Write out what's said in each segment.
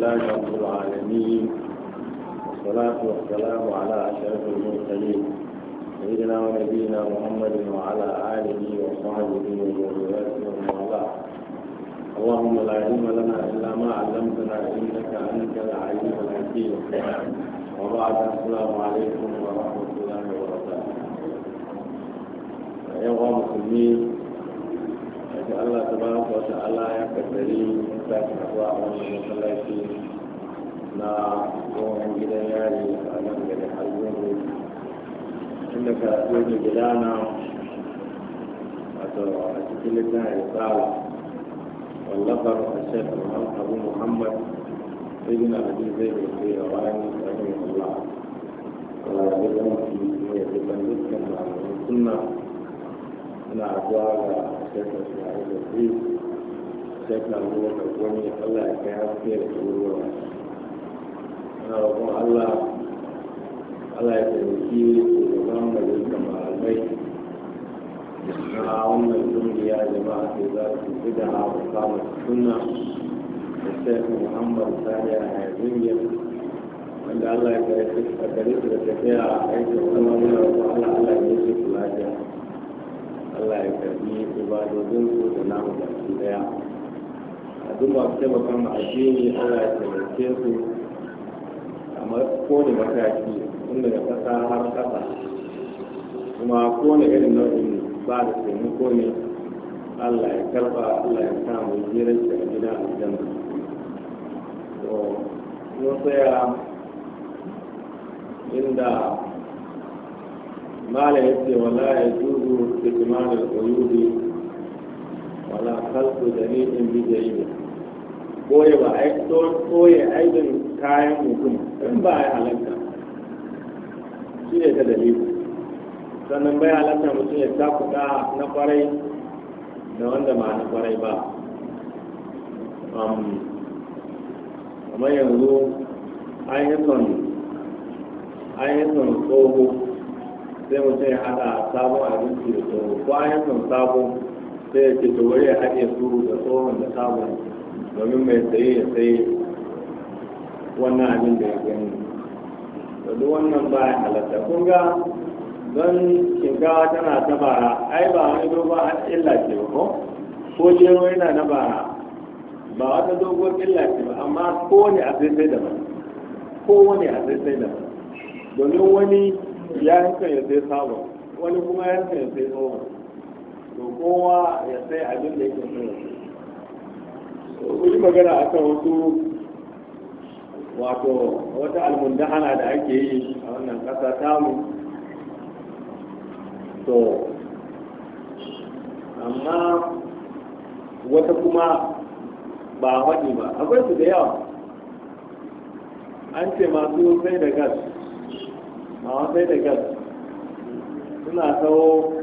لله رب العالمين والصلاة والسلام على أشرف المرسلين سيدنا ونبينا محمد وعلى آله وصحبه وذريته ومن اللهم لا علم لنا إلا ما علمتنا إنك أنت العليم الحكيم وبعد السلام عليكم ورحمة الله وبركاته أيها المسلمين subhanahu wa ta'ala ya kaddari za ka a wannan masallaci na tsohon gidan yari a nan gari halgoro tun da karatu da gidana wato a cikin littafin ya tsara wallafar a shekar abu muhammad ibn abi zaid al-qayrawani rahimahullah wala da yanki ne da dukkan malamin muna zuwa ga shekar su a yau da shekar abubakar gwani allah ya kai haske da tsoron ana roƙon allah allah ya taimaki shugaban majalisar malamai na wannan kungiya jama'a sai za su fi da hawa kama suna da sai muhammad sani a yanzu wanda allah ya kai su da tafiya a aikin wani wani roƙon allah allah ya yi su lafiya Allah ya karbi ibadodin su da namu baki daya a duk ba su bakan ma addini Allah ya taimake su a kowane mataki tun daga ƙasa har ƙasa kuma kowane irin nau'in ba da taimako ne Allah ya karba Allah ya samu jirar da gida aljanna to mun tsaya inda malam ya ce wala ya juzu kitmanin ƙuyudi wala kalku da ni in ni'in bijayi koye ba koye aibin kayan mutum in ba ya halatta shi ne ta dalili sannan bai halatta mutum ya takuta na kwarai da wanda ba na kwarai ba kamar yanzu ainihin ainihin tsoho sai mutum ya haɗa sabon abinci da tsoro bayan sun sabon sai ya ce to wuri ya haɗe su da tsoron da sabon domin mai saye ya sai wannan abin da ya gani da duk wannan ba ya halatta kun ga don shinkawa tana ta bara ai ba wani dogon illa ce ba ko ko jero yana na bara ba wata dogon illa ce ba amma kowane a sai sai da ba, kowane a sai sai da ba domin wani ya yanka ya sai sabon wani kuma ya yanka ya sai tsohon to kowa ya sai abin da yake so ku yi magana a kan wasu wato wata almundahana da ake yi a wannan ƙasa tamu to amma wata kuma ba haɗi ba akwai su da yawa an ce masu sai da gas amma sai da gas suna kawo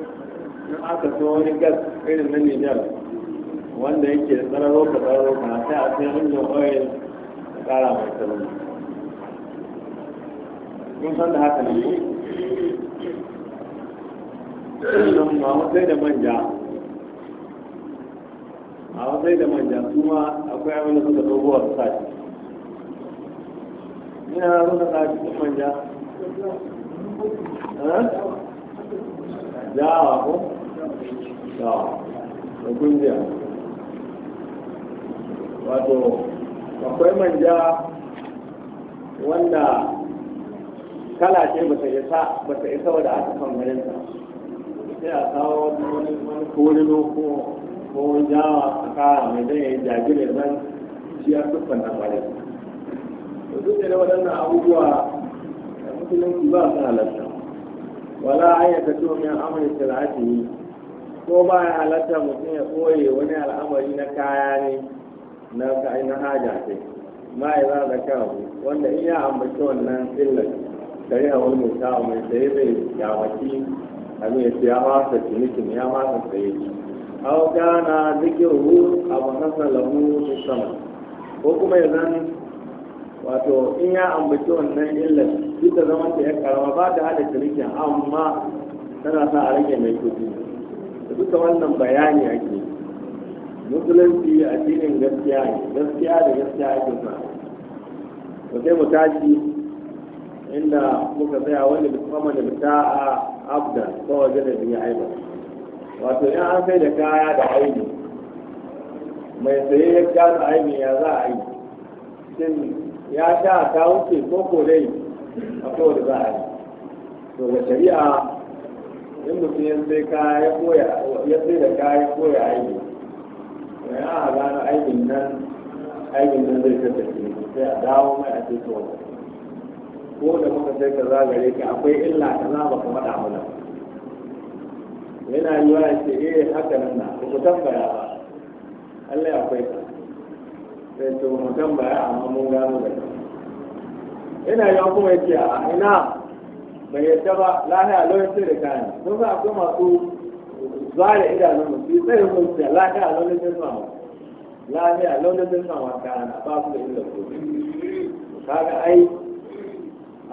in aka so wani gas irin na nijar wanda yake tsararo ka tsararo ka sai a sai hanyar oil a kara mai tsaro kun san da haka ne amma sai da manja a wasai da manja kuma akwai abin da suka dogo a sashi ina suka sashi manja dawa ko dawa da wato akwai manja wanda kala ce ba ta isa ba ta isa wadda aka kan ganin ta sai a kawo wani korino ko ko jawa a kara mai zai yi jajire zan shi ya sukan na bare to duk da waɗannan abubuwa musulunci ba su halatta wala ta to min amri sir'ati ko ba ya halatta mutum ya koye wani al'amari na kaya ne na na haja ce ma ya za da kawo wanda in ya ambaci wannan illar kare a wani mutawa mai sai bai yawaki abin ya ce ya masa cinikin ya masa sai aw kana zikiru abu hasan lahu musamman ko kuma ya wato in ya ambaci wannan illar duk da zaman ta ya karama ba da hada kirkin amma tana sa a rage mai kudi da duka wannan bayani ake musulunci a cikin gaskiya ne gaskiya da gaskiya ake sa ba sai mu tashi inda muka tsaya wanda musamman da ta a abda ko waje da biya aiba wato in an sai da kaya da aini mai saye ya kasa aini ya za a yi shin ya sha ta wuce ko ko dai akwai wanda za a yi to da shari'a in mutum ya sai kaya koya ya sai da kaya koya aiki mai a gano aikin nan aikin nan zai tafi sai a dawo mai a cikin wani ko da muka sai ka zagare ka akwai illa ka za ba kuma faɗa yana yi wa ce eh haka nan na ku tambaya ba Allah ya akwai ka sai to mu tambaya amma mun gano da ina yawan kuma yake a ina bai yadda ba lahiya lokacin da kayan sun sa akwai masu zuwa da idanun musu tsaye sun ce lahiya lokacin suna wa lahiya lokacin suna wa kayan a ba su da inda su kaga ai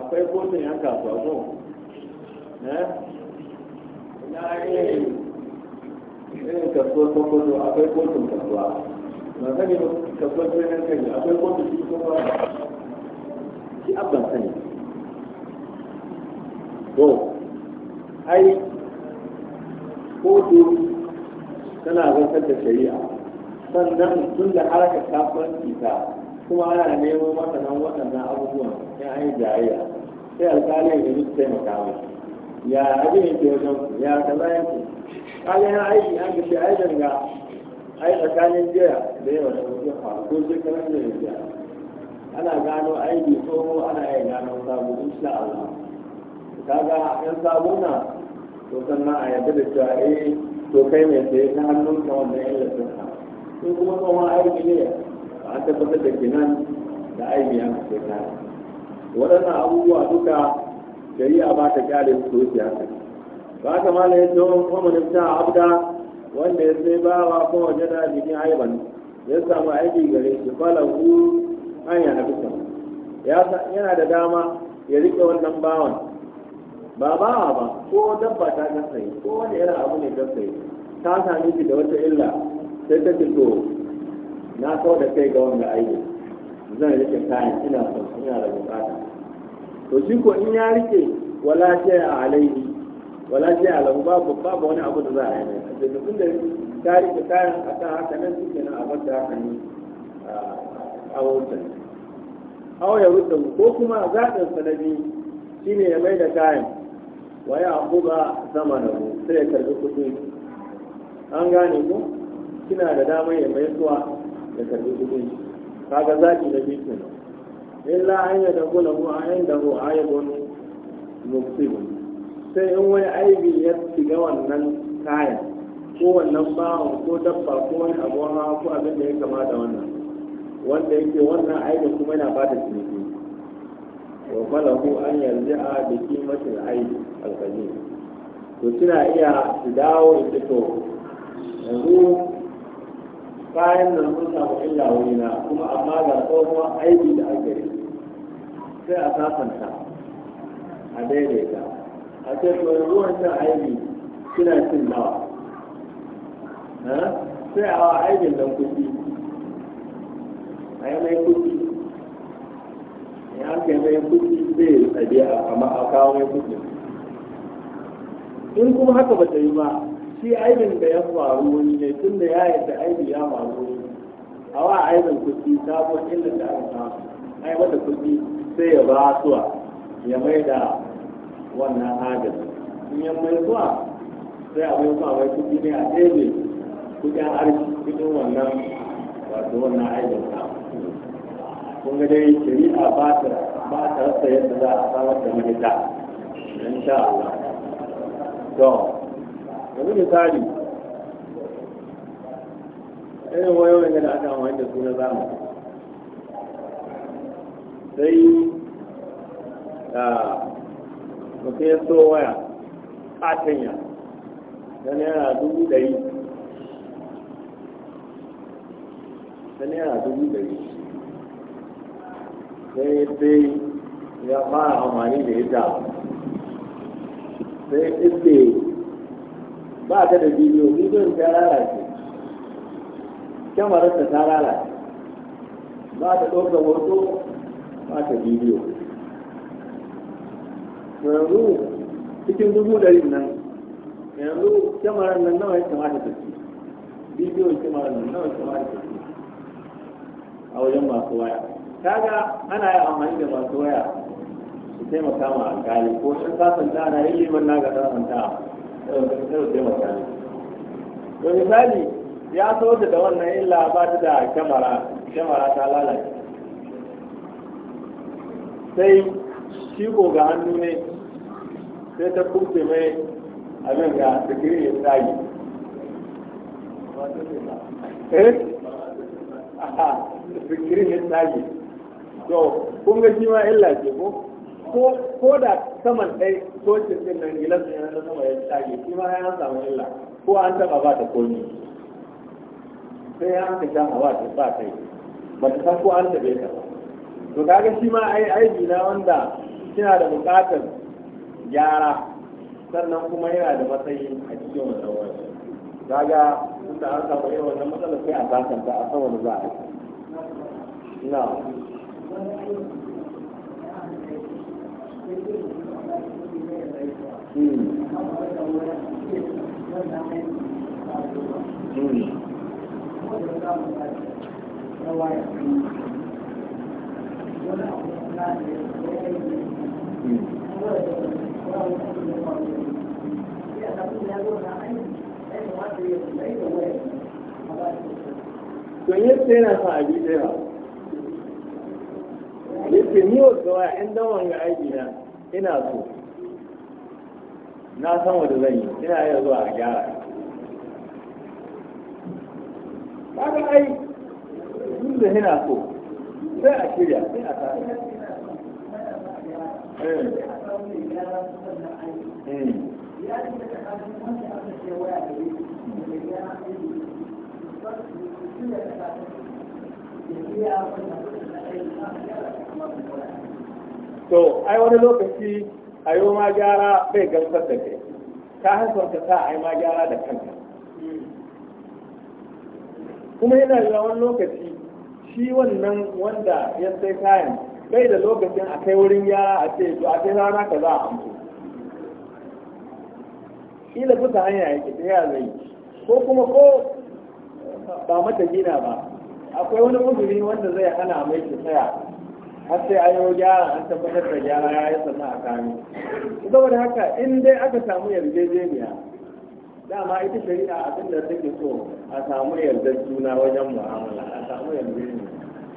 akwai kotun yan kasuwa ko eh? na irin irin kasuwar kwakwato akwai kotun kasuwa na sani kasuwar birnin kai akwai kotun shi kuma shi abban sani to ai kotu tana zartar da shari'a sannan tun da haraka kasuwanci ta kuma ana neman waɗannan waɗannan abubuwan ya yi jayayya sai alƙali ya nemi su taimaka mai ya abin yake wajen ya kaza yake kaga na aiki an ga shi ai ga ai tsakanin jiya da yawa da mutum ko shekaran da ya ana gano aiki tsoho ana iya gano sabo insha Allah kaga in sabo na to sannan a yadda da cewa eh to kai mai sai ta hannun ka wanda ya sun ka in kuma tsohon aiki ne a tabbatar da kinan da aiki ya kace ka waɗannan abubuwa duka shari'a ba ta kyale su siyasa ba ta mala ya tsohon kuma ta abda wanda ya sai ba ko wajen da jikin aiban ya samu aiki gare shi falahu hanya na bisa yana da dama ya rike wannan bawan ba ba ba ko dabba ta gasaye ko wani irin abu ne gasaye ta sami shi da wata illa sai ta ce to na kawo da kai ga wanda aiki zan rike kayan ina son ina da bukata to shi ko in ya rike wala ce a alaihi wala ce a lahu babu babu wani abu da za a yi ne a cikin da ta rike kayan a kan haka nan suke nan a bar da haka ne awonsa aw ya rudda ko kuma zaɓin sa na biyu shine ya mai da kayan wa ya akuba sama da mu sai ya karɓi kuɗin. an gane mu? kina da damar ya mai suwa ya karɓi kuɗin. kaga zaɓi na biyu kenan illa an yi da da mu a yan da a a yabon mutum sai in wani aibi ya shiga wannan kayan ko wannan bawon ko dabba ko wani abuwa ko abin da ya kama da wannan wanda yake wannan aiki kuma yana ba da ciniki wa falahu an yanzu a biki aib aiki qadim to suna iya su dawo da to yanzu kayan nan sun samu illa wurina kuma amma ga tsohon aiki da aka yi sai a sasanta a daidaita a ce to yanzu wancan aiki suna cin nawa eh? sai a aikin don kuɗi ai mai kuɗi ke zai tsaye a a kawo mai kuɗi in kuma haka ba ta yi ba shi aibin da ya faru wani ne tun da ya yadda aibi ya faru wani a wa aibin kuɗi sabon illa da aka samu ai wata kuɗi sai ya ba suwa ya mai da wannan agaji in ya mai suwa sai a mai suwa mai kuɗi ne a ɗebe kuɗin arziki kuɗin wannan wato wannan aibin kun ga dai shari'a ba ta ba ta rasa yadda za a samar da mahita insha Allah to yanzu misali irin wayoyin da aka amfani da su na zamani sai mutum ya so waya katanya na naira dubu ɗari na naira dubu dari. sai sai ya fara amfani da ita sai iske ba ta da bidiyo bidiyon ta lalace kyamararta ta lalace ba ta ɗauka hoto ba ta bidiyo yanzu cikin dubu ɗari nan yanzu kyamarar nan nawa ya kamata ta ci bidiyon kyamarar nan nawa ya kamata ta ci a wajen masu waya kaga ana yi amfani da masu waya su taimaka ma alkali ko sun sasanta ana yi liman na ga sasanta sai su taimaka ne to misali ya so da wannan illa ba ta da kyamara kyamara ta lalace sai shi ko ga hannu ne sai ta kurce mai abin ga digiri ya tsagi eh ya tsagi To kun ga shi ma illa ce ko ko da saman ɗai tocin sai nan gilas ne na sama ya tage shi ma ya samu illa ko an taɓa ba ta komi sai ya an kasha hawa ta ba kai ba ta san ko an taɓe ta to kaga shi ma ai aiki na wanda kina da buƙatar gyara sannan kuma yana da matsayi a cikin wannan wajen kaga tunda an samu irin wannan matsalar sai a sasanta a saman za a yi na to yadda yana sa abi da yawa yake ni wa gawa in dan wanga aiki na ina so na san wanda zan yi ina yau zuwa a gyara kaga ai duk da ina so sai a shirya sai a tsara eh. eh. Yeah, to ai wani lokaci a yi ma gyara bai gamsar da kai ka hanzarta sa a yi ma gyara da kanka kuma yana yiwa wani lokaci shi wannan wanda ya sai kayan bai da lokacin a kai wurin gyara a ce to a kai rana ka za a Shi da kusa hanya yake ta yaya zai ko kuma ko ba mata gina ba akwai wani uzuri wanda zai hana mai ki tsaya har sai ayo gyara an tabbatar da gyara ya yi sannan a kame saboda haka in dai aka samu yarjejeniya dama ita shari'a abin da take so a samu yardar juna wajen mu'amala a samu yarjejeniya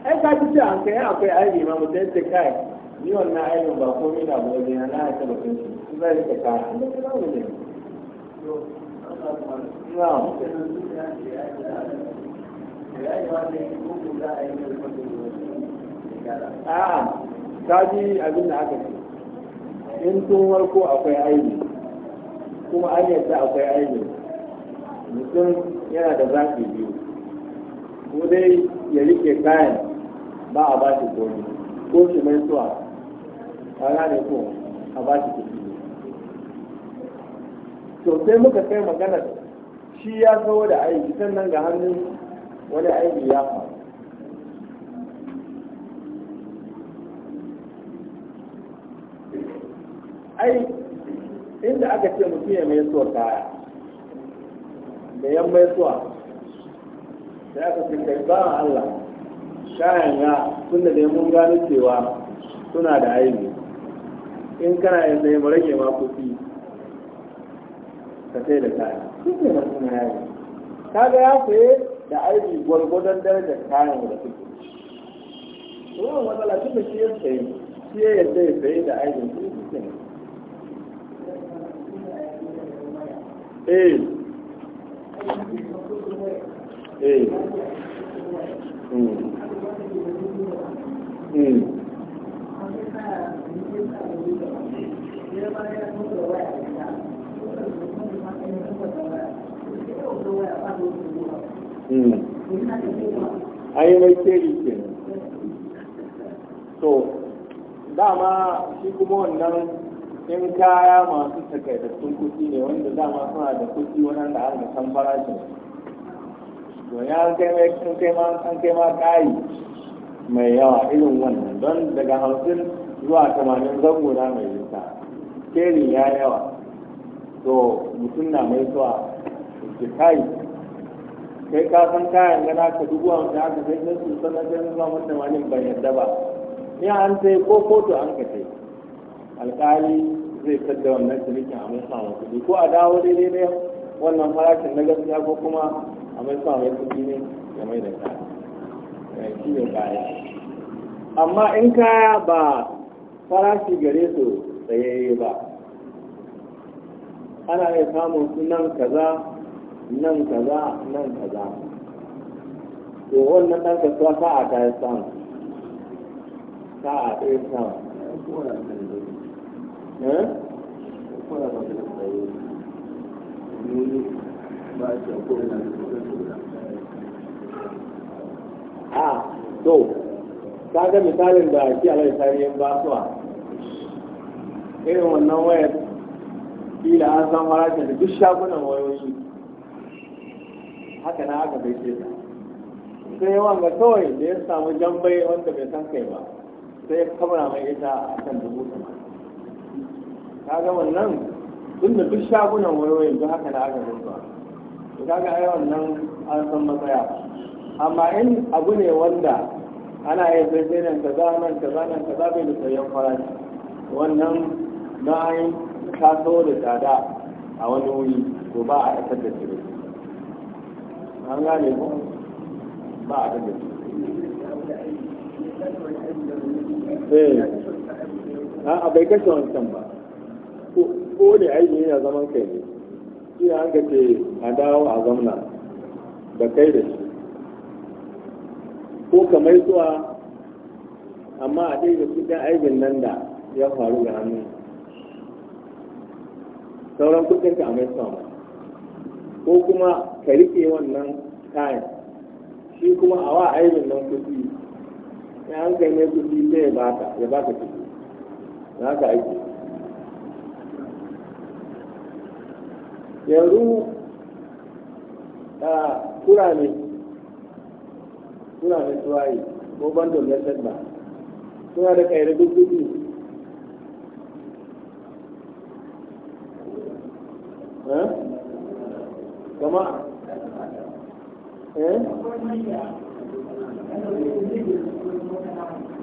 ai ka ci ce an kai akwai aibi ma mutum ya kai ni wannan ba komai na ba na na haka zai rika an da a'a ta ji abin da aka ce in tun warko akwai aini kuma an yadda akwai aini mutum yana da zafi biyu ko dai ya rike kayan ba a ba shi komi ko shi mai suwa a ne ko a ba shi kuɗi to sai muka kai maganar shi ya kawo da aiki sannan ga hannun wani aiki ya faru ai inda aka ce mutum ya mai suwa kaya da yan mai suwa da aka ce kai ba Allah kayan ya tun da dai mun gano cewa suna da aiki in kana yin sai mu rage ma kuɗi ka sai da kaya shi ne na suna yayi kaga ya saye da aiki gwargwadon darajar kayan da suke wannan matsala duka shi ya sayi shi ya yadda ya sayi da aiki shi suke ne eh eh Thank hmm. you. Hmm. Hmm. an yi mai keri ke to dama shi kuma wannan in kaya masu takaitattun kuɗi ne wanda dama suna da kuɗi wanda an da san farashin to ya kai mai an kai ma kayi mai yawa irin wannan don daga hamsin zuwa tamanin zango na mai nisa keri ya yawa to mutum na mai zuwa ki kai kai ka san kayan gana ka dubu hamsin aka sai na su sanar da zuwa mun tamanin ban yadda ba ya an sai ko kotu an ka sai alkali zai sadda wannan cinikin a mai samun kuɗi ko a dawo daidai da wannan farashin na gaskiya ko kuma a mai samun kuɗi ne ya mai da kaya eh, shi ne kaya amma in kaya ba farashi gare su tsayayye ba ana iya samun sunan kaza nan kaza nan kaza to wannan ɗan kasuwa sa'a ta yi samu sa'a ta yi sa eh? a to ga misalin da shi alai tarihin basuwa irin wannan wayar kila an san farashin da duk shagunan wayoyi haka na aka gaishe ta sai ga kawai da ya samu jambai wanda bai san kai ba sai kamar mai ita a kan dubu sama ga wannan tun da duk shagunan wayoyin duk haka na aka gaisuwa to ga ai wannan an san matsaya amma in abu ne wanda ana yin zai nan kaza nan kaza nan kaza bai da sayan farashi wannan na yi taso da tsada a wani wuri ko ba a aikar da shi an gane ba a da eh a bai kashe wancan ba ko da aiki yana zaman kai ne shi an ka a dawo a zamna da kai da shi ko kamar zuwa amma a ɗaya da ɗan aibin nan da ya faru da hannu sauran kudin a mai sama ko kuma ka riƙe wannan kayan shi kuma a wa aibin nan kuɗi ya an kai mai kuɗi sai ya baka ya baka kuɗi na ka aiki yanzu a kurame kurame tuwaye ko bandon na ba suna da kaira duk kuɗi kama eh? Eh?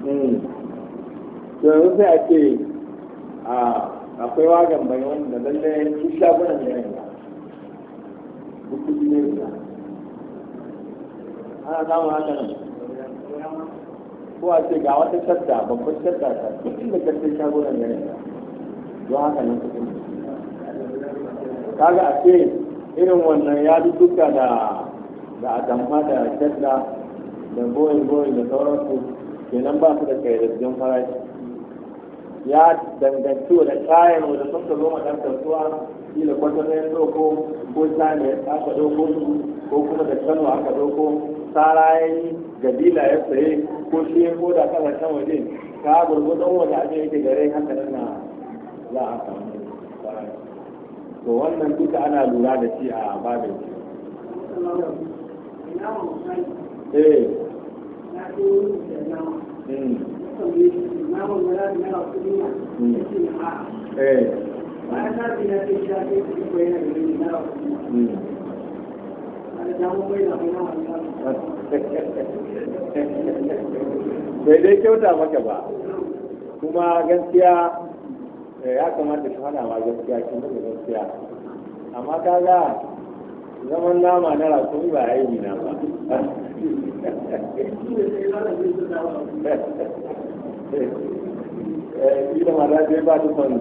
Hmm. yanzu sai a ce akwai wagan bai wanda lalle su shagunan da yanzu duk kudi ne guda ana samun haka nan ko a ce ga wata shadda babban shadda ta duk inda karfin shagunan da yanzu don haka nan kudin kaga a ce irin wannan ya duka da da atamfa da shadda da goyin goyin da sauransu kenan ba su da kayyadaddun farashi ya danganci da kayan wanda sun ka zo ma ɗan kasuwa kila kwatanai ya ɗauko ko sani aka ɗauko su ko kuma da kano aka ɗauko tsara ya yi gabila ya saye ko shi ya koda kan waje ka gurgurdan wanda ake yake gare haka nan na za a samu to wannan duka ana lura da shi a babin Eh. Hmm. Eh. Hmm. bai dai kyauta maka ba kuma gaskiya eh, ya kamata su hana ma gaskiya kin gaskiya amma kaga zaman nama na ba na ba eh, shi da mata zai ba ta son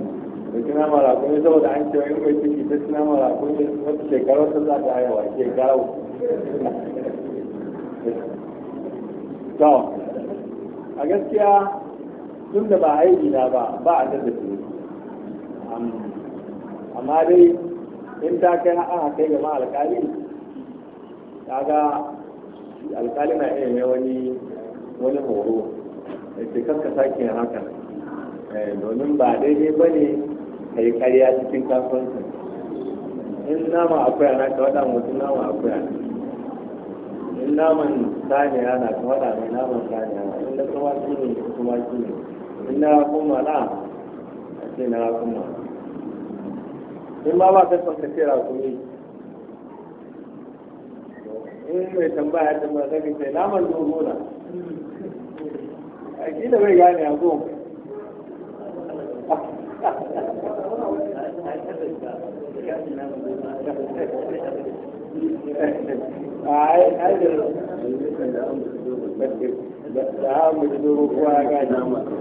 da suna mara kuma saboda an ta suna mara kuma wata shekarar ta za ta haihuwa shekarar to a gaskiya tun da ba aiki na ba ba a da su amma dai in ta kai aka kai gama alkali kaga alkali na iya mai wani wani horo da ke kanka sake haka eh, domin ba daidai ba ne ka yi karya cikin kasuwanci in nama akwai ana ka wada mutu nama akwai ana in naman saniya na ka wada mai naman saniya na in da kuma shi ne kuma shi ne in na kuma na a ce na kuma in ma ba ka son ka ce rakumi in mai tambaya ta mai zai sai naman dogo na a kila bai gane a zo ai da da hamu da dogo kowa ya gane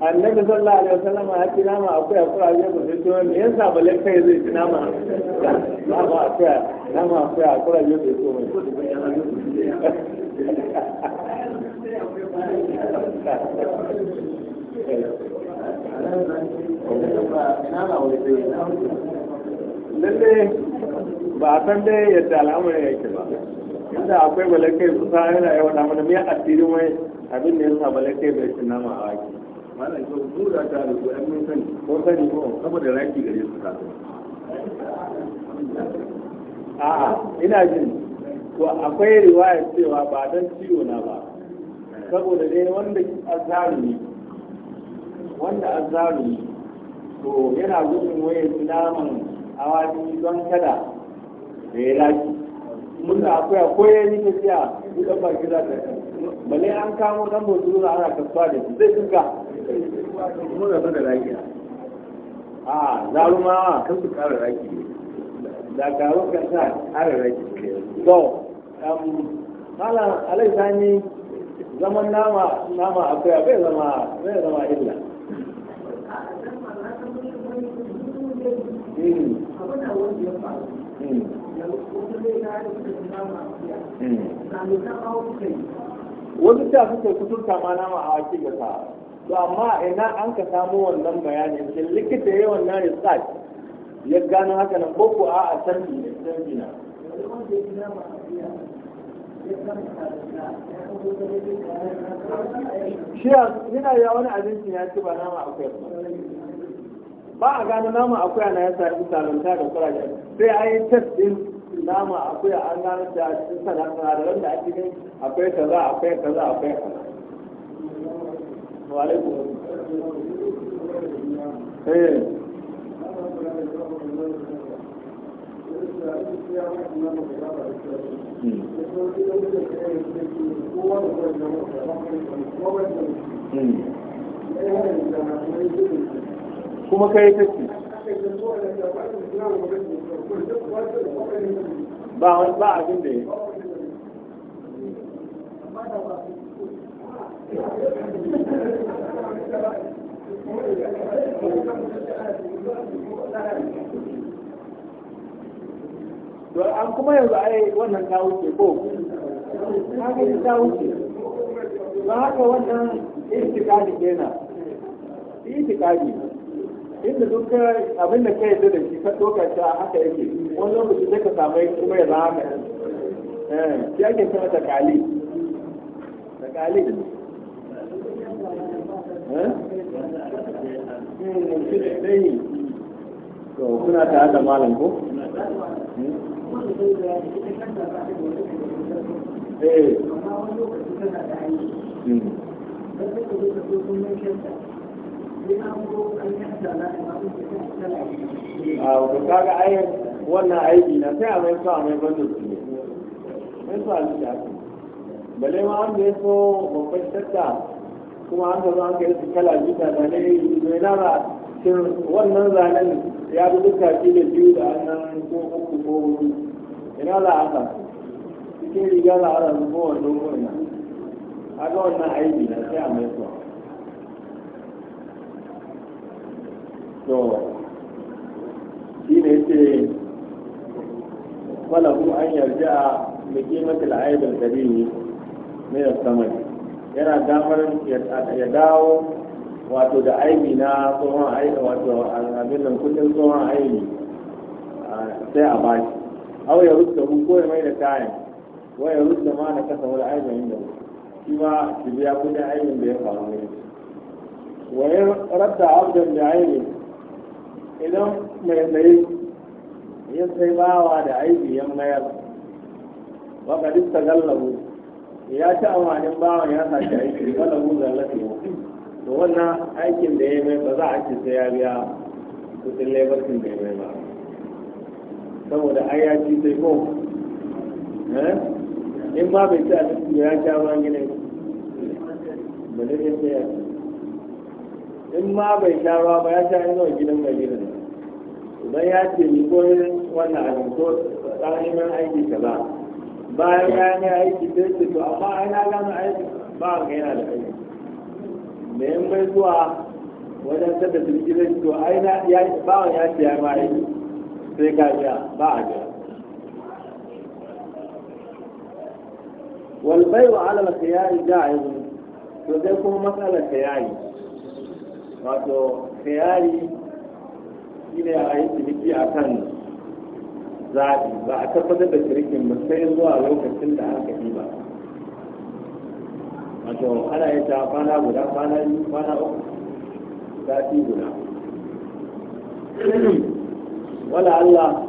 annabi sallallahu alaihi wasallam ya kira ma akwai akwai kuraje ba zai tuwa ne yansa ba lai kai zai kira ma ba ba akwai ma akwai a kuraje zai so ne lalle ba a san dai yadda al'amarin yake ba inda akwai balakai kusa yana yawan mana mai asirin wai abin da yasa balakai bai shi nama a wakil mana ko mu da ta da ko an mun ko sani ko saboda raki gare su ta a'a ina jin to akwai riwaya cewa ba dan ciwo na ba saboda dai wanda azzalumi wanda azzalumi to yana gudun wayar naman awaki don kada da ya laki mun da akwai akwai ya yi tafiya duk ba gida ta kan bane an kamo dan bozuru ana kasuwa da shi zai duka kuma gaba da rakiya a zaruma kan su kara raki da karo ka sa kara raki to um, mala alai zaman nama nama akwai bai zama bai zama illa Mm. wasu ta suke kuturta ma nama a wakil da ta to amma ina an ka samu wannan bayani shi likita ya wannan research ya gano haka nan boko a a canji ne canji na shi yana ya wani abinci ya ci ba nama akwai ba ba a gano nama akwai na ya sa salunta da kurajen sai a yi test din nama akuya an gano cikin da ake gani akwai akwai akwai eh. hmm. Hmm. kuma kai kake ba wani ba abin da ya an kuma yanzu ai wannan ta wuce ko ta gani ta wuce ba haka wannan itikadi kenan ne. inda duk abin da ka yadda da shi ka doka shi a haka yake wani lokaci sai ka samu kuma ya zama haka eh, shi ake sama da kali da kali to kuna ta da malam ko hmm. eh hmm. a ku kaga wannan aiki na sai a mai so a mai su ne mai so kuma an an kai wannan zanen ya duka shi da biyu da annan ko uku ko hudu ina za a sa cikin riga za a rasu ko wanda ko ina wannan aiki na sai a mai so to shi ne ce falahu an yarda a mukimatul aibul kabiri ne ya samai yana damar ya dawo wato da aibi na tsohon aibi wato abin nan kudin tsohon aibi sai a baki. aw ya rudda hu ko ya mai da kayan wa ya rudda ma na kasa wani aibi da shi ma shi biya kudin aibin da ya faru ne wa ya radda abdan da aibi idan mai mai ya sai bawa da aiki ya mayar ba ka dista gallabu ya ci amanin bawan ya sace aiki gallabu gallafi to wannan aikin da ya mai ba za a ci sai ya biya kudin laifin da ya mai ba saboda ai ya ci sai ko eh? in ba bai ci abinci ya ci ruwan gidan ba da sai ya ci in ma bai sha ruwa ba ya sha inuwar gidan mai gidan idan ya ce ni ko wannan abin ko tsananin aiki ba bayan ya ne aiki sai ce to amma ai na gama aiki ba ga yana da aiki da yin bai zuwa wajen sada sun gidan to ai ya ba ya ce ya ma aiki sai ka ga ba a ga والبيع على الخيار جائز وزي يكون مسألة خياري wato khiyari shine ne a yi ciniki a kan zaɓi ba a tabbatar da shirikin ba sai zuwa lokacin da aka yi ba wato ana yi ta kwana guda kwana biyu kwana uku sati guda wala Allah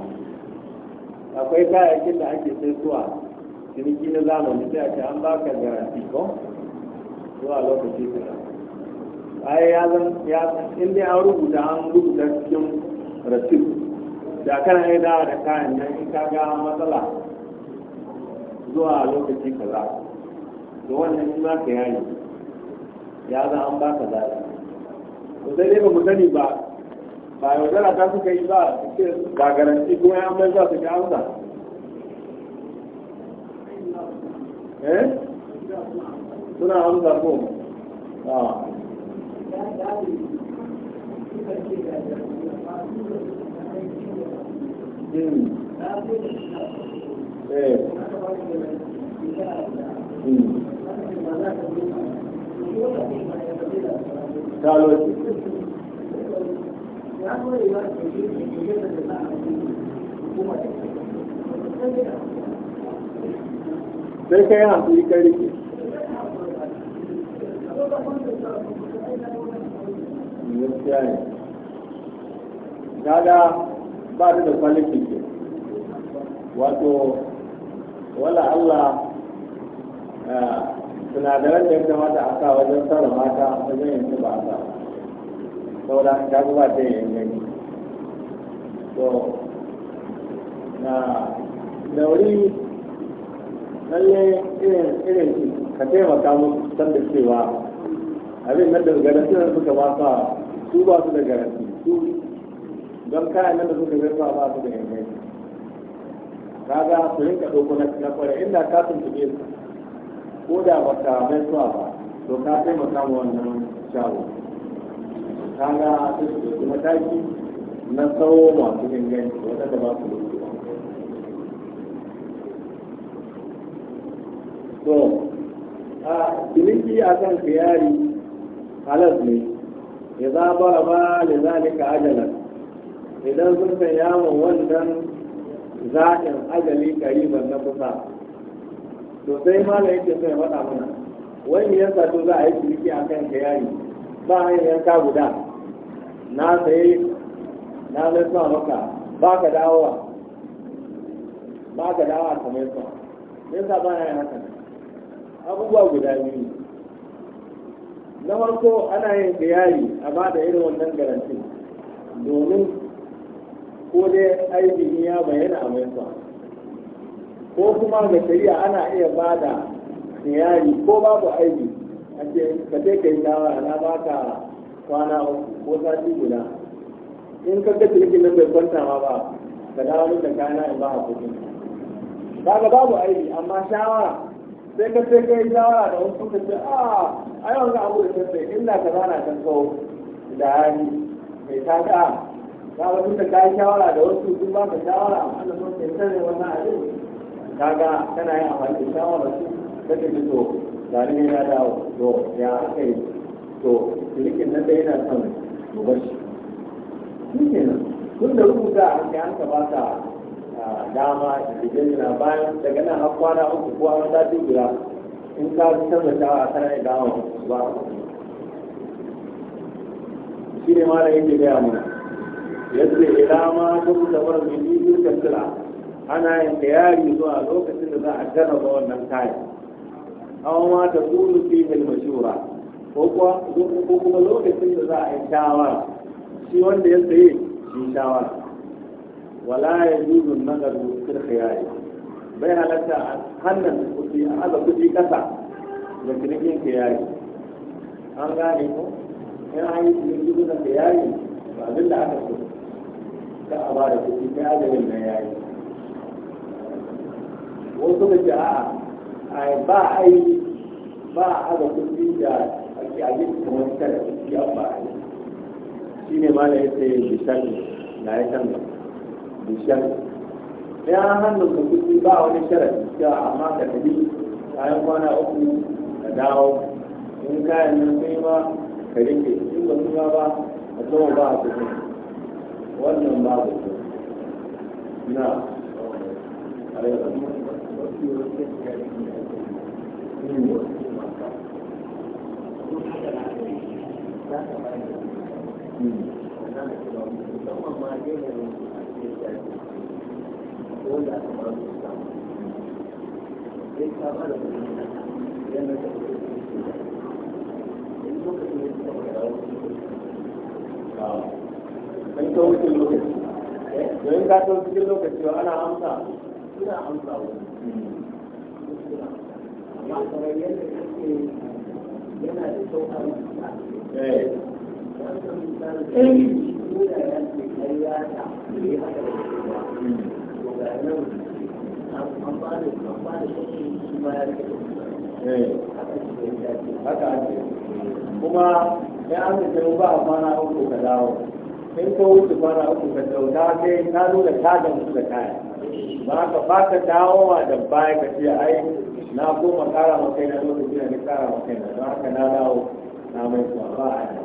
akwai kayayyakin da ake sai zuwa ciniki na zamani sai a ce an baka garanti ko zuwa lokaci kaza ai ya zan ya in dai an rubuta an rubuta cikin rasid da kana iya dawa da kayan nan in ka ga matsala zuwa lokaci kaza to wannan shi ma ka yayi ya zan an ba ka zaɓi to sai dai ba mu sani ba ba yaudara ta suka yi ba ga garanti kuma ya mai za su ga amsa eh suna amsa ko ah. Sai kai hantu yi kai rike. gaskiya ne kaga ba da kwalifin ke wato wala Allah eh, sinadaran da ya kamata a sa wajen sarrafa ta wajen yanzu ba a sa saboda ta zuba ta yin gani to na dauri lalle irin irin ka taimaka musu san da cewa abin nan da garin suka ba sa su ba su da garanti su don kayan nan da suka zai ba su da inganci kaga su rinka ɗauko na kwarai inda ka tuntuɓe su ko da ba ka mai suwa ba to ka taimaka ma wannan shago kaga su su ɗauki mataki na tsawo masu inganci wadanda ba su ɗauki ba to a ciniki a kan kiyari halas ne idza daraba li zalika ajalan idan sun kai yawon wannan za'in ajali kariban na kusa to sai mala yake sai ya faɗa mana wani yasa to za a yi ciniki a kan yayi ba a yin guda na sayi na lissa maka ba ka dawowa yasa ba na yin haka abubuwa guda biyu na farko ana yin bayani a ba da irin wannan garanti domin ko dai aibin ya bayyana a mai ko kuma ga shari'a ana iya ba da bayani ko babu aibi a ce ka ce ka yi dawa na ba ka kwana ko sati guda in ka ga cikin nan bai kwanta ma ba ka dawo da kana in ba a ba ga babu aibi amma shawara sai ka sai yi shawara da wasu ka ce a ah, ai wannan abu da sai illa ka zana kan kawo da hali mai ta ka wasu da kai shawara da wasu sun ba ka shawara amma da sun ke tare wannan abin ga kana yin amfani da shawara su kake ji to da ni ya dawo to ya aka yi to shirikin na da yana son gobe shi shi kenan tun da rubuta an ka ba dama da na, bayan daga nan har kwana uku ko an sati guda in ka tabbata a kana da dama ba shi ne ma da yake gaya mana yadda ilama duk da wani mai duka sila ana yin tayari zuwa lokacin da za a ba wannan kayan an ma ta kuru fi mashura ko kuma lokacin da za a yi shawara shi wanda ya saye shi shawara ولا يجوز النظر في الخيال بين لك هل في هذا في كذا لكن في خيال هل غانيكو هل عايز يجوز الخيال بعد اللي عرفه كأبارة في خيال المياه وصل جاء أي با أي با هذا في جاء أكي عجيب كمان كذا في أبارة شيني ما لا يتسير بشكل لا يتنظر bishari ya hannun ka kuɗi ba wani sharafi cewa amma ka tafi kayan kwana uku ka dawo in kayan nan sai ma ka rike in ba su ba a sama ba a kuɗi wannan ba da su na Thank hmm. you. in cikin lokaci wa ana amsa suna amsa amma kamar yadda kake yana da kyau a haka ake kuma ya an da ba a kwana uku ka dawo in ko wuce kwana uku ka kyauta kai ka zo da ka da mutu da kaya ba ka ba ka dawowa da baya ka ce ai na koma kara ma kai na zo tafiya ne kara ma kai na don haka na dawo na mai kuma ba a yi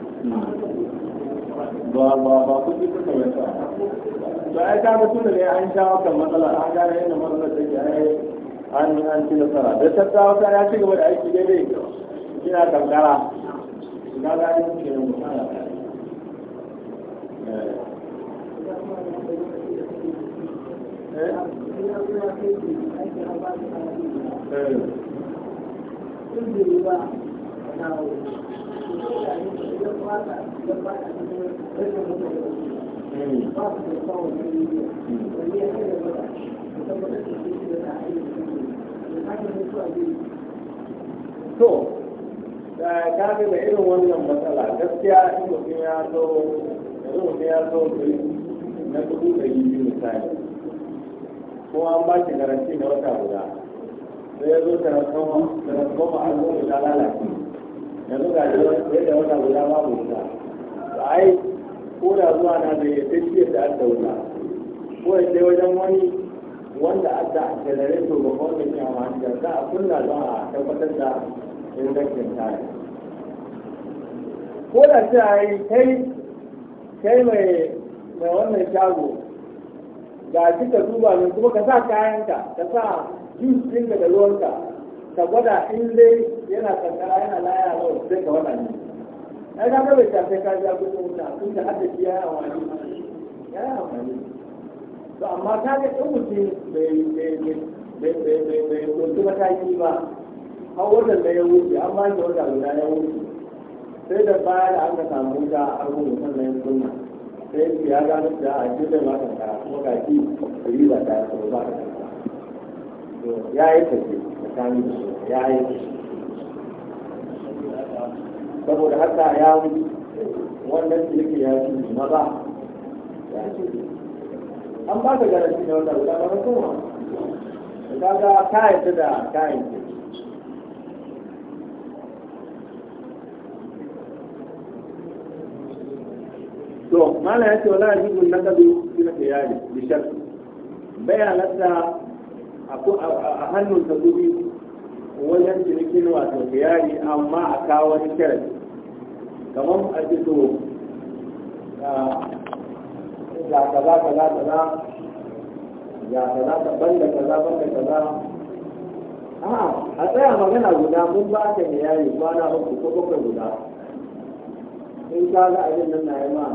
ba ba ba kuɗi suka yasa to ai ka ga tun da an sha maka matsala an gane yadda matsala ke ai an an ci nasara da tattawa ka ya ci gaba da aiki daidai ina kankara ina ga yin ke mutana eh eh, eh. to da eh, kaga da irin wannan matsala gaskiya in mutum ya zo yanzu mutum ya zo na dubu ɗari biyu misali an ba shi garanti na wata guda sai ya zo transformer transformer an zo da lalace yanzu ga yadda wata guda ba mu ta ba ai ko da zuwa na da yadda shi da an dauna ko ya sai wajen wani wanda an da janareto ba ko da kyan wani da za a kunna don a tabbatar da ingancin tare ko da ta yi kai kai mai mai wannan shago ga shi ka duba min kuma ka sa kayanka ka sa jus ɗinka da ruwanka ka gwada in dai yana ka wata ne ai na ga bai ta sai ka ja gudun wuta tun da hadda shi ya yi ya yi amfani to amma ta ga ɗan mutum bai ɗauki mataki ba har wannan da ya wuce an ba shi wata guda ya wuce sai da baya da aka samu ta a na sannan sunna sai su ya gano da a cikin mata kuma ga shi ba ta ya ba ta ya yi tafi da kami da ya yi tafi saboda haka ya wuce wannan ciniki ya ci maza ya ci an ba ka garanti na wata guda mara kowa ka ga kayan da kayan ke to mala ya ce wala yajibun nakadu fil qiyam bi shart bai halatta a hannun ta gudu wajen cinikin wato kiyari amma a kawo wani sharadi kamar a fito ga kaza kaza kaza ga kaza ka banda kaza banda kaza a tsaya magana guda mun ba ka ne yayi kwana uku ko bakwai guda in ka ga abin nan na yi ma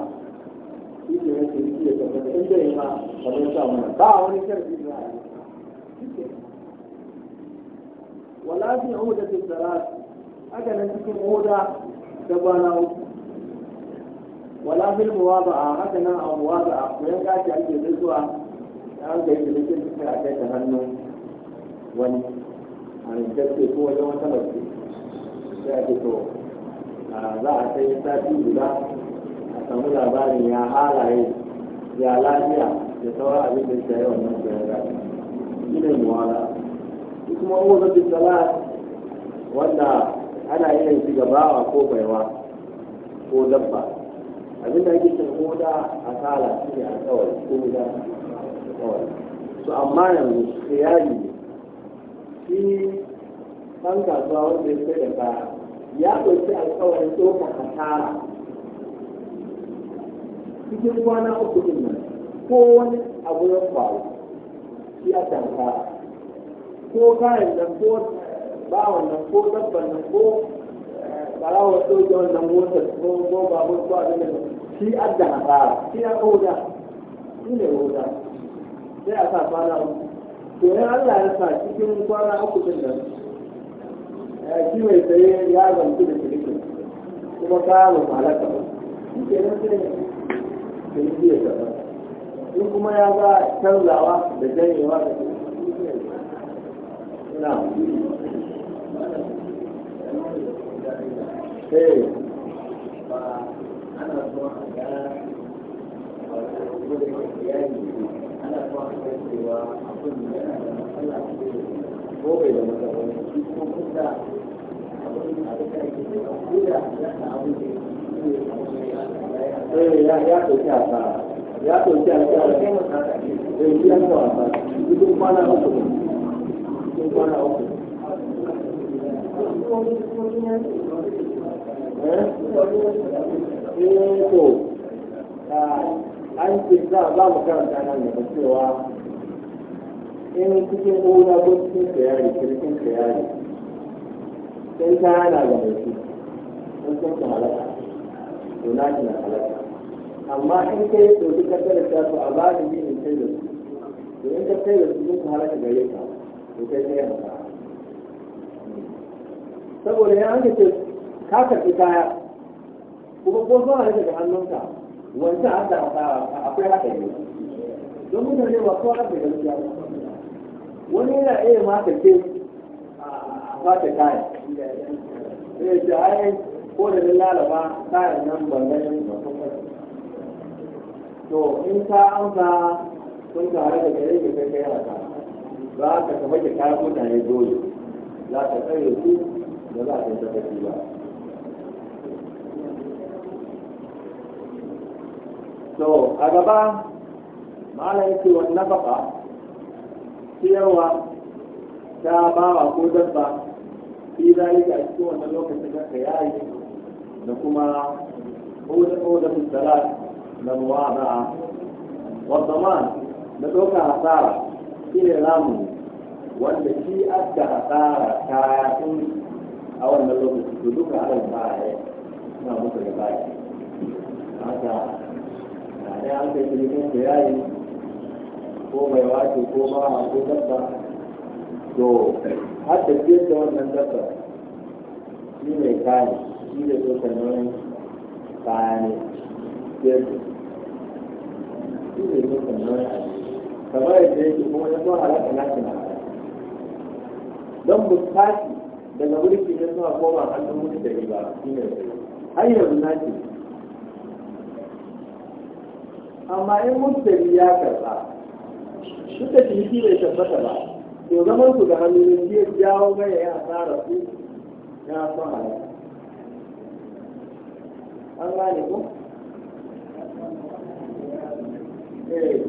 shi ne yake yi ya tabbata in da yi ma kamar sa mana ba wani karfi za a yi wala fi udatin salat haka nan cikin oda ta kwana uku wala fil muwaza'a haka nan a muwaza'a koyan gashi ake zuwa ta hanga yake da kin suka kai ta hannun wani a rintacce ko wajen wata mace sai ake to za a kai sati guda a samu labarin ya halaye ya lafiya da sauran abin da ya yi wannan koyan gashi shi ne muwaza'a kuma uwa zabi salat wanda ana yin shi gabawa ko baiwa ko dabba abin da ake cin hoda a tsala shi ne alkawari ko guda alkawari su amma yanzu tsayari ne shi kan kasuwa wanda ya sai da kaya ya ɗauki alkawarin ɗaukar hasara cikin kwana uku ɗin nan ko wani abu ya faru shi a tanka ko kayan nan ko ba wannan ko dabban nan ko eh, barawar soja wannan motar ko ko babur ko abin da shi adda hasara shi ya koda shi ne koda sai a sa kwana uku to yan Allah ya sa cikin kwana uku din nan eh, shi mai saye ya zantu da shirikin kuma ka mu halaka ba shi ke nan sai ne da yi ya gaba in kuma ya ga canzawa da janyewa da shi ne na ya ɗauki a ba, ya kwana uku, kwana uku. an ce za a mu karanta nan da cewa in cikin ko cikin tsayari kirkin tsayari sai ta yana da mai su sun sun to na shi na amma in kai to duk ka tsare ta to a ba da yi in kai da su to in ka kai da su sun ta gare ka to kai sai ba saboda ya hanka ce ka karɓi kaya kuma ko zuwa ne daga hannunka wancan an da akwai haka ne don mutane ba kowa da gaskiya wani yana iya mata ce mata kaya sai ce ai ko da lalaba kayan nan ban ganin ba to in ka amsa sun tare da gare ka kai kai haka za ka kamar ka kayan mutane dole za ka tsare su ba za a yi sakaci ba to a gaba ma'ana yake wani nafaka ciyarwa ta bawa ko dabba fi zalika a cikin wannan lokacin da ka yayi da kuma oda musala na muwada'a wa ma na ɗauka hasara shi ne ramu wanda shi aka hasara ta sun a wannan lokaci to duka ala ba a yi suna musu da baki haka na ɗaya an kai cinikin da yi, ko mai wace ko ma ko dabba to har da fiye da wannan dabba shi mai kayan shi da dokar nauyin kaya ne fiye da shi da dokar nauyin kamar yadda yake kuma ya so halaka na kina don mu tashi daga wurin da suna koma a hannun mutu da riba shi ne har yanzu na ce amma in mutu da ya karɓa duk da ciniki bai tabbata ba to zaman su da hannun ya jawo mai ya tsara su ya son halaka an gane ko? Eh.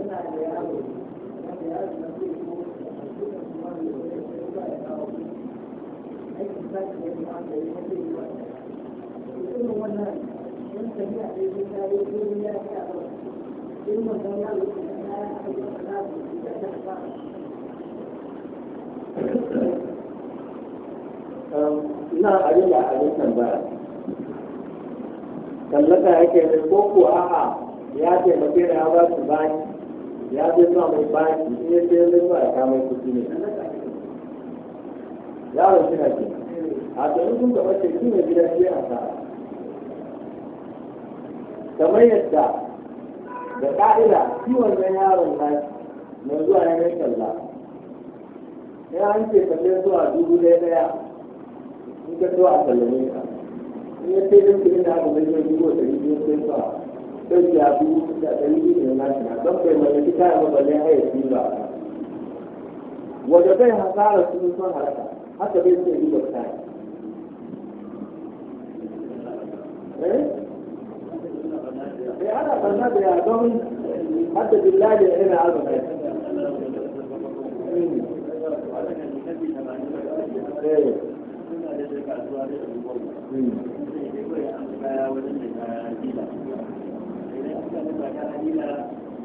Yana hmm. Um, ina abin da abin tambaya tallata yake ne ko ko a'a ya taimake na ya ba su baki ya zai sa mai baki in ya ce zai ba ya kamar kuɗi ne yaron kina ke a tsarin sun gaba ce shi mai gida shi a sa kamar yadda da ƙa'ida shi wannan yaron na mai zuwa ya mai kalla ya an ce kalle zuwa dubu ɗaya ɗaya in ka zuwa a kallame ka in ya ce don kiri da aka mai zuwa dubu ɗari biyu sai ba sai ya dubu da ɗari biyu ne na shi na don kai mallaki kayan mabalai hayar biyu ba wajen bai hasara sun sun haraka haka bai ce ribar kayan eh? eh ana barna da ya don hadda billahi ya ina azu ne eh hmm. Hmm.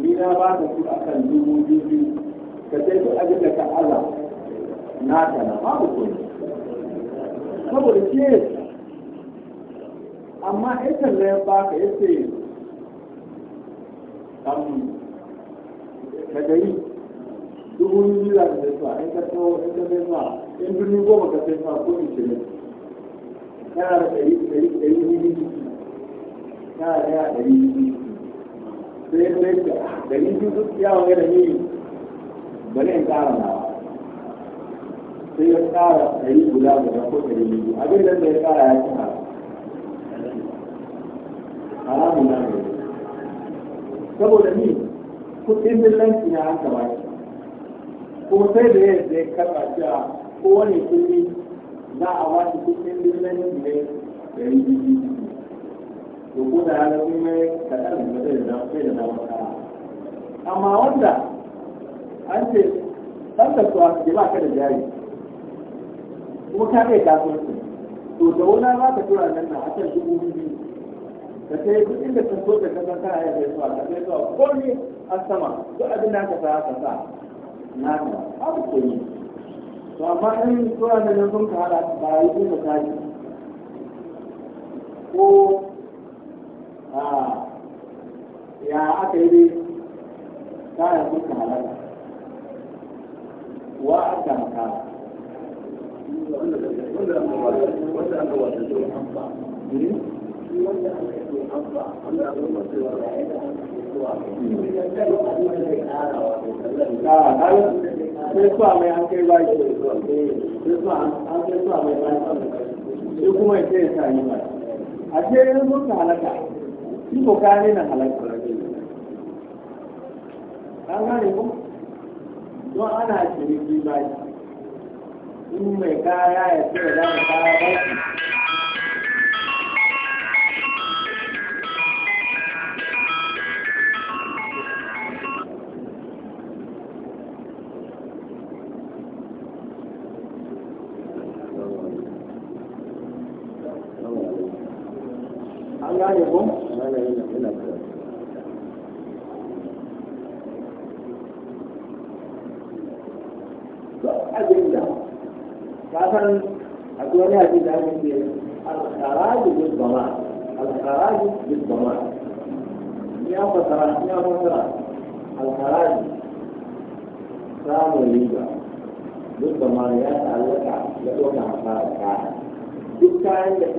ni na ba ka su akan dubu biyu ka sai duk a da ka ala na ta na babu kuma saboda ke amma ita ne ya ka ya ce ka gari dubu biyu da ka sai in ka in ka sai in birni goma ka sai sa ko ya ce ne kana da ɗari ɗari ɗari ɗari ɗari ɗari ɗari sai sai ka da ni su ya yawon da ni bari in ƙara nawa sai ya ƙara ɗari guda guda ko ɗari biyu abin da ya ƙara ya ci haramun na ne saboda ni kuɗin millanci na an ba shi kuma sai da yadda ya karɓa cewa kowane kuɗi za a ba shi kuɗin millanci ne ɗari biyu to ko da haka kuma kaɗan da zai da zai da zama amma wanda an ce ɗan kasuwa da ba ka da jari kuma ka kai kasuwanci to da ba ka tura nan na akan dubu biyu ka sai duk inda ka so da ka san kana yin gaisuwa ka sai zuwa an sama duk abin da aka sa ka sa na ka ba ku koyi to amma ɗan tura nan sun ka haɗa ba yi kuma ko ya aka yi dai kayan suka halarta wa aka makara wanda aka wata zuwa an ba wanda aka yi zuwa an ba wanda aka yi zuwa ya yi da an zuwa ya yi da an zai kara wa sai suwa mai an kai ba shi sai suwa an kai suwa mai sai kuma ya ce ya sa yi ba shi ko ka ne na halakar an gane ko don ana ciniki ba in mai kaya ya ce da kaya ba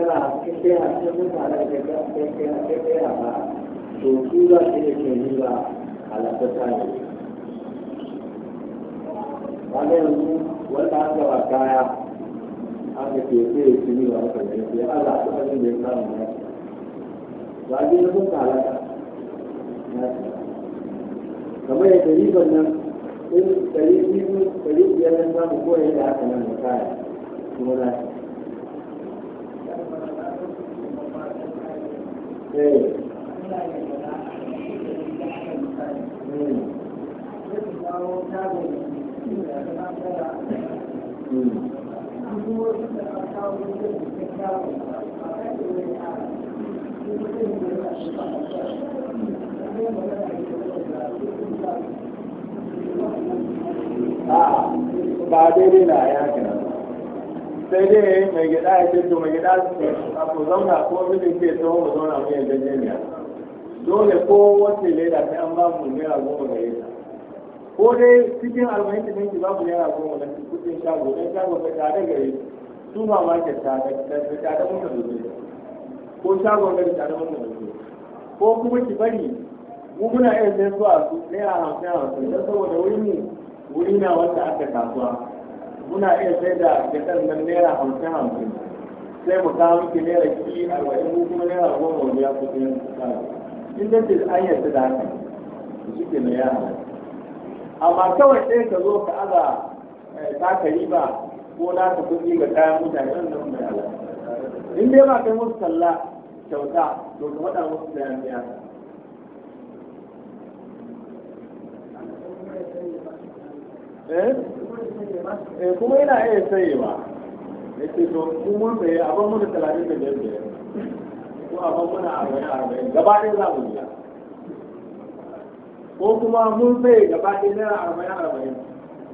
tana cikin a cikin mutane da ta kai a kai a ba to su za su iya ke riba a lafata ne wanda yanzu wanda aka ba kaya aka ke sai su yi ba aka yi sai Allah ta sanin da ya samu ya ba a gina sun kalata ya kamar yadda riban nan in ɗari biyu ɗari biyar na samu ko yi da haka nan da kaya kuma na ce Ah, ba daidai na ya kana sai dai mai gida ya ce to mai gida a ko zauna ko mijin ke tsohon mu zauna mu ne jami'a dole ko wace leda sai an ba mu naira goma gare ta ko dai cikin arba'in da ɗinki ba mu naira goma na cikin shago don shago ta tare gare su ma ma ke ta tare muka dole ko shago gari tare muka dole ko kuma ki bari mu muna iya sai zuwa su naira hamsin hamsin don saboda wuri ne wuri na wanda aka kasuwa muna iya sai da jakar nan naira hamsin hamsin sai mu kawo miki naira ki arba'in ko kuma naira goma wani ya fi yin kana in da ce an da haka to suke na yara amma kawai sai ka zo ka aza taka eh, riba ko na ka kuɗi ga kayan mutane nan mai ala in dai ba kai musu talla kyauta to ka faɗa musu da yan ya eh eh kuma ina iya saye ya to mun a muna talatin da biyar biyar ko muna arba'in arba'in gaba ɗaya za mu biya ko kuma mun saye gaba ɗaya naira arba'in arba'in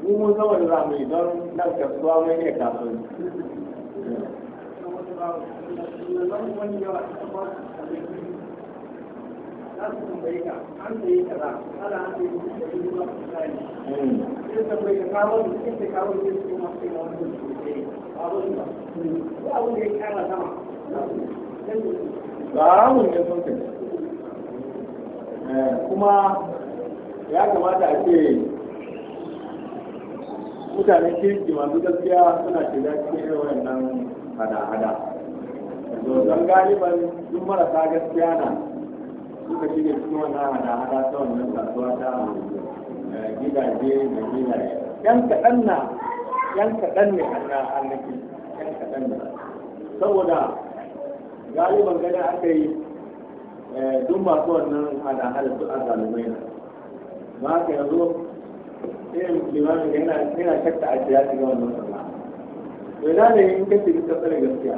mu mun da za yi don nan kasuwa mai iya wani yawa za da hmm. kuma yi ka da cikin da ya kara sama eh, kuma ya kamata a ce mutane kirki masu gaskiya suna shiga cikin irin wannan hada-hada don galiban duk marasa gaskiya na suka shirya cikin wannan hada-hada ta wannan kasuwa ta gidaje da gidaje yan kaɗan na yan kaɗan ne a annaki yan kaɗan ne saboda galiban gani aka yi eh, duk masu wannan hada-hada su a zalumai na ba ka yanzu irin limamin yana yana shakka a shiga shiga wannan sallah to ina ne in kace ka tsare gaskiya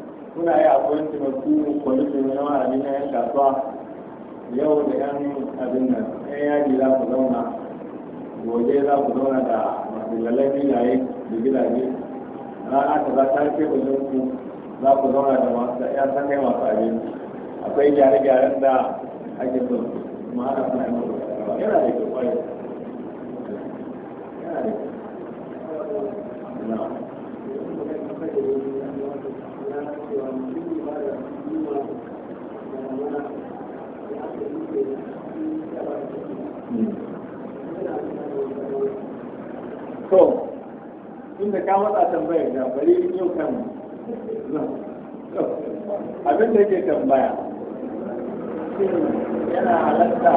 kuna yi akwai taimako kwalitin na malami na yan kasuwa yau da yan abin nan yan yaji za ku zauna gobe za ku zauna da masallalai filaye da gidaje rana ta za ta ke ku za ku zauna da masu yan sanai masu abinci akwai gyare-gyaren da ake so kuma ana suna yin masu yana da ke kwayo yana da ke kwayo to inda ka matsa tambayar da bari yau kan abin da yake tambaya yana halatta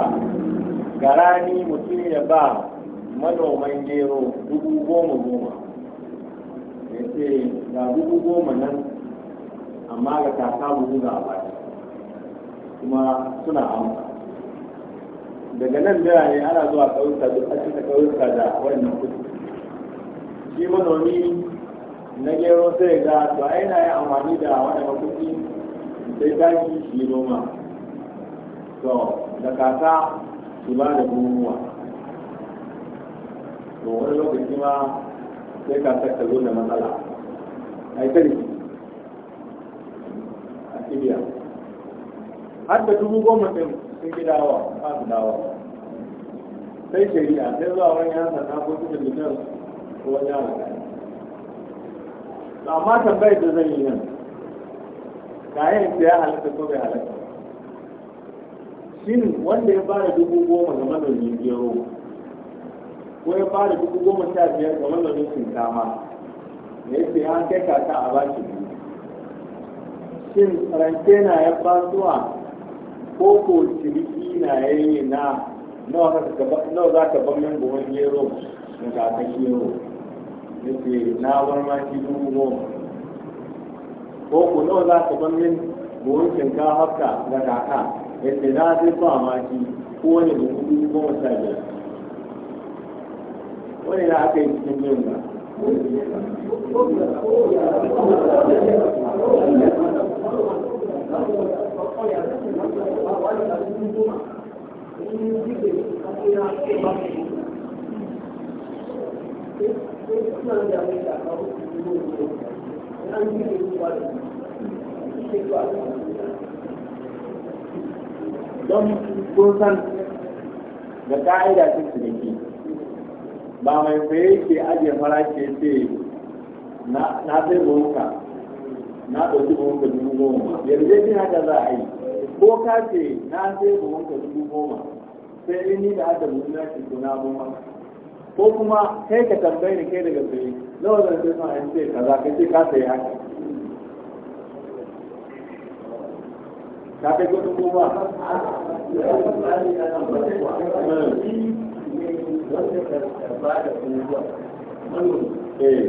ga rani mutum ya ba manoman gero dubu goma goma ya ce ga dubu goma nan amma ga kaka samu za a baki kuma suna amsa daga nan birane ana zuwa ƙauyuka duk a cikin ƙauyuka da wannan kuɗi shi manomi na gero sai ga to a yana yin amfani da wannan kuɗi sai tashi shi noma to da kaka su ba da buhuwa to wani lokaci ma sai kaka ta zo da matsala a yi ki har da dubu goma ɗin sun ki dawa ba su dawa sai shari'a sai zuwa wani yan sanda ko su da mutum ko wani yan sanda amma tambayar da zan yi nan ga yin ya halatta ko bai halatta shin wanda ya fara dubu goma ga manomin gero ko ya fara dubu goma sha biyar ga manomin shinkafa da yake an kai kaka a bashi biyu shin rance na ya fasuwa ko ko ciniki na ya yi na nawa za ka ban ga wani gero da kakan gero yake na warmaki dubu goma ko ko nawa za ka ban min buhun wani ka da kaka yadda na zai ba maki ko wani buhu dubu goma sha biyar wani na aka yi cikin jin ba don kun san da ka'ida ta ciniki ba mai saye ke ajiye farashi ce na na ɗauki buhun ka dubu goma yanzu yarjejin haka za a yi ko ka ce na sai buhun ka dubu goma sai in ni da haka buhun ce shi na goma ko kuma kai ka tambayi ni kai daga sai nawa zan sai son an ce ka za ka ce ka sai haka ka kai kuɗin goma Eh.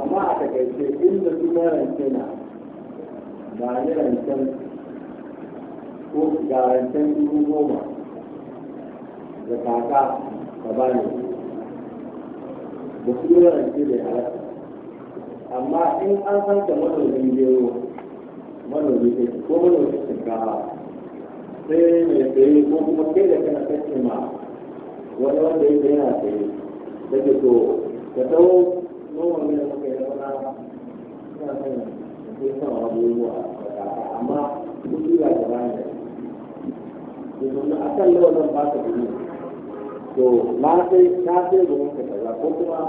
amma a takaice inda suna rance na ba ni rancen ko ga rancen dubu goma da kaka ka ba ni su suna rance da ya amma in an san ka manomin gero manomi ke ko manomin shinkafa sai mai tsaye ko kuma kai da kana kacce ma wani wanda yake yana tsaye da ke to ka tawo noma mai amma a yawa zan ba ka duniya to na sai na sai ka kaza ko kuma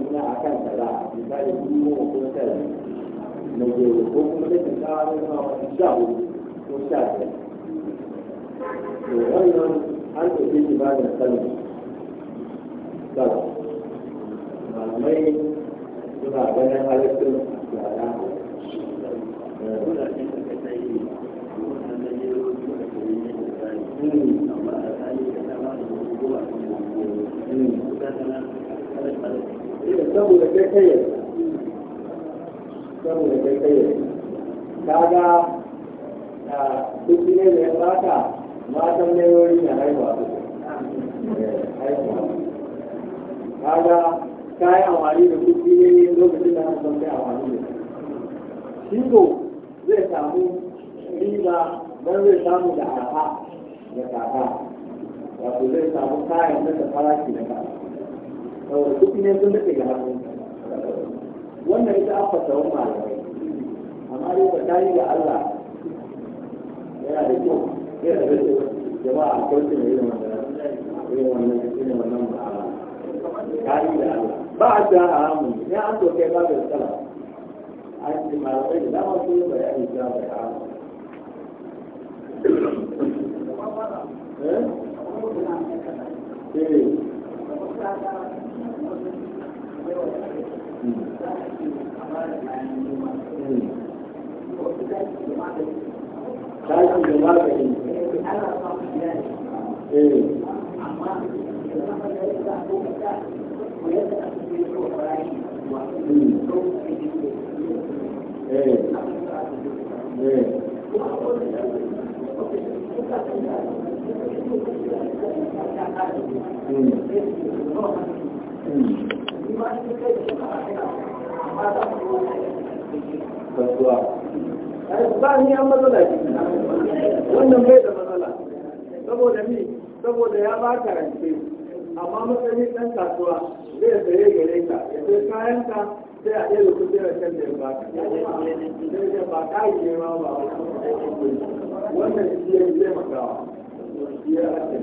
ina wa kaza misali dubu na gero ko kuma kawo wa sha hudu ko sha biyar to wannan an shi ba da malamai suna ganin halittun da ya saboda kai kai saboda kai kai kaga duk ne da ya baka matan ne wuri na haihuwa eh, haihuwa kaga ka yi amfani da kuɗi ne lokacin da haka kai amfani da shi ko zai samu riba don zai samu da arha da kaka wato zai samu kayan da farashi da kaka saboda kuɗi ne sun daɗe ga hannu wannan ita an fasa wani malamai amma dai ba ta yi da Allah yana da kyau yana da kyau jama'a a kyautar da irin wannan irin wannan irin wannan ma'ana ta yi da Allah ba a ta haramu ya an doke ba da tsala an ce malamai da dama su yi bayani ta ya haramu Kashi Eh. ba ni an wannan bai da matsala saboda ni saboda ya ba karance amma matsayin ɗan kasuwa zai saye gare ka ya sai kayan ka sai a ɗaya kuɗi da can da ya ba ka ba ka yi ma ba wannan shi ya yi taimakawa shi ya ake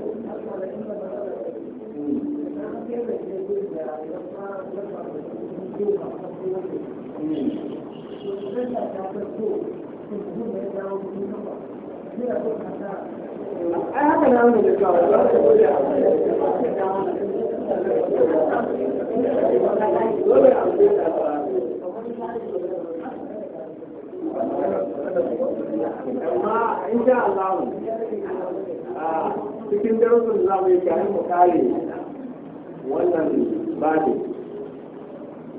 Thank ai haka na da a wani da dole a da amma a cikin darasin za mu yi kayan mu kare wannan bani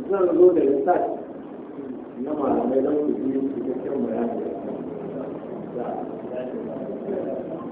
zan zo da lissafi na malamai don su biyu cikakken bayani da